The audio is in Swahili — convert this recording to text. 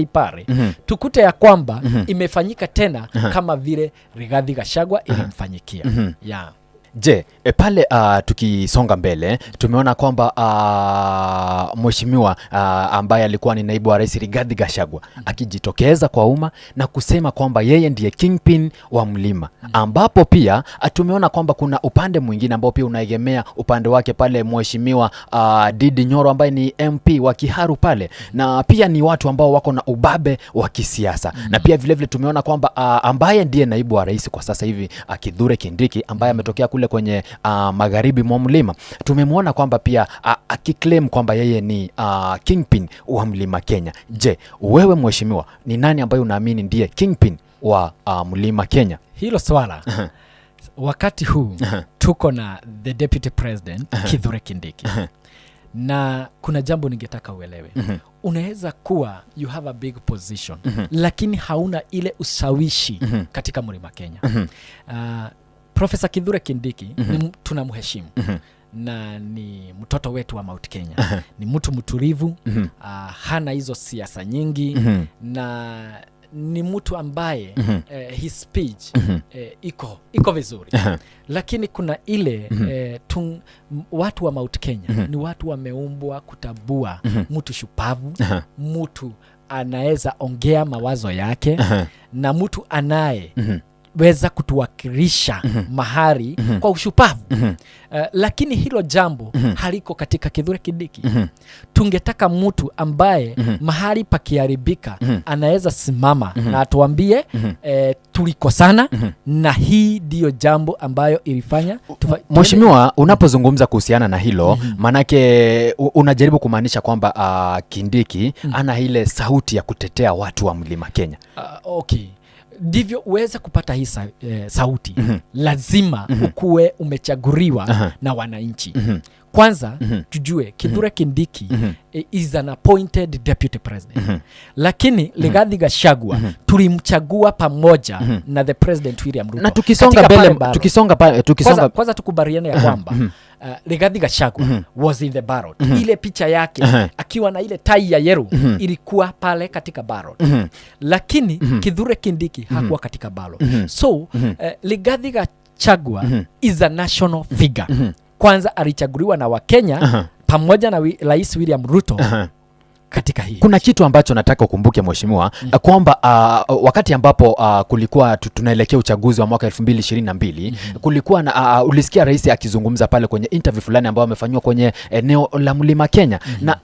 pale mm -hmm. tukute ya kwamba mm -hmm. imefanyika tena uh -huh. kama vile Rigathi Gachagua ilimfanyikia uh mhm. -huh. yeah. Je, e pale uh, tukisonga mbele tumeona kwamba uh, mheshimiwa uh, ambaye alikuwa ni naibu wa rais Rigathi Gachagua akijitokeza kwa umma na kusema kwamba yeye ndiye kingpin wa mlima, ambapo pia tumeona kwamba kuna upande mwingine ambao pia unaegemea upande wake pale mheshimiwa uh, Didi Nyoro ambaye ni MP wa Kiharu pale, na pia ni watu ambao wako na ubabe wa kisiasa mm. Na pia vilevile tumeona kwamba uh, ambaye ndiye naibu wa rais kwa sasa hivi uh, Kithure Kindiki ambaye ametokea kule kule kwenye uh, magharibi mwa mlima. Tumemwona kwamba pia uh, akiclaim kwamba yeye ni uh, kingpin wa mlima Kenya. Je, wewe mheshimiwa, ni nani ambaye unaamini ndiye kingpin wa uh, mlima Kenya? Hilo swala Wakati huu tuko na the deputy president Kithure Kindiki na kuna jambo ningetaka uelewe mm-hmm. Unaweza kuwa you have a big position mm-hmm. lakini hauna ile ushawishi mm-hmm. katika mlima Kenya mm-hmm. uh, Profesa kidhure Kindiki mm -hmm. mheshimu mm -hmm. na ni mtoto wetu wa Mount Kenya uh mhm. -huh. ni mtu mtulivu uh-huh. uh, hana hizo siasa nyingi uh-huh. na ni mtu ambaye uh-huh. uh, his speech uh-huh. uh, iko, iko vizuri uh -huh. lakini kuna ile uh-huh. uh, tung, watu wa Mount Kenya uh-huh. ni watu wameumbwa kutabua uh-huh. mtu shupavu uh -huh. mtu anaweza ongea mawazo yake uh -huh. na mtu anaye uh-huh weza kutuwakilisha mm -hmm. mahari mm -hmm. kwa ushupavu mm -hmm. Uh, lakini hilo jambo mm -hmm. haliko katika kidhure kidiki mm -hmm. tungetaka mtu ambaye mm -hmm. mahari pakiharibika mm -hmm. anaweza simama mm -hmm. na atuambie mm -hmm. eh, tulikosana mm -hmm. na hii ndiyo jambo ambayo ilifanya Mheshimiwa, unapozungumza kuhusiana na hilo mm -hmm. manake unajaribu kumaanisha kwamba uh, Kindiki mm -hmm. ana ile sauti ya kutetea watu wa Mlima Kenya uh, okay ndivyo uweze kupata hii sa, e, sauti mm -hmm. lazima mm -hmm. ukuwe umechaguriwa uh -huh. na wananchi mm -hmm. Kwanza mm -hmm. tujue kidhure mm-hmm. Kindiki mm -hmm. is an appointed deputy president mm -hmm. lakini mhm. Rigathi gashagwa mm -hmm. tulimchagua pamoja mm -hmm. na the president William Ruto. Na tukisonga mbele, tukisonga, tukisonga... Kwanza, kwanza tukubaliane ya mhm. kwamba uh -huh. mm -hmm uh, Rigathi Gachagua mm -hmm. was in the ballot mm -hmm. ile picha yake mm -hmm. akiwa na ile tai ya yeru mm -hmm. ilikuwa pale katika ballot mm -hmm. lakini mm -hmm. Kithure Kindiki mhm. hakuwa katika ballot mm -hmm. so mm -hmm. uh, Rigathi Gachagua mm -hmm. is a national figure mm -hmm. kwanza alichaguliwa na Wakenya uh -huh. pamoja na Rais William Ruto uh -huh katika hii. Kuna kitu ambacho nataka ukumbuke mheshimiwa, mm eh, kwamba uh, wakati ambapo uh, kulikuwa tunaelekea uchaguzi wa mwaka 2022 mm -hmm. kulikuwa na uh, ulisikia rais akizungumza pale kwenye interview fulani ambayo amefanyiwa kwenye eneo la Mlima Kenya mm -hmm. na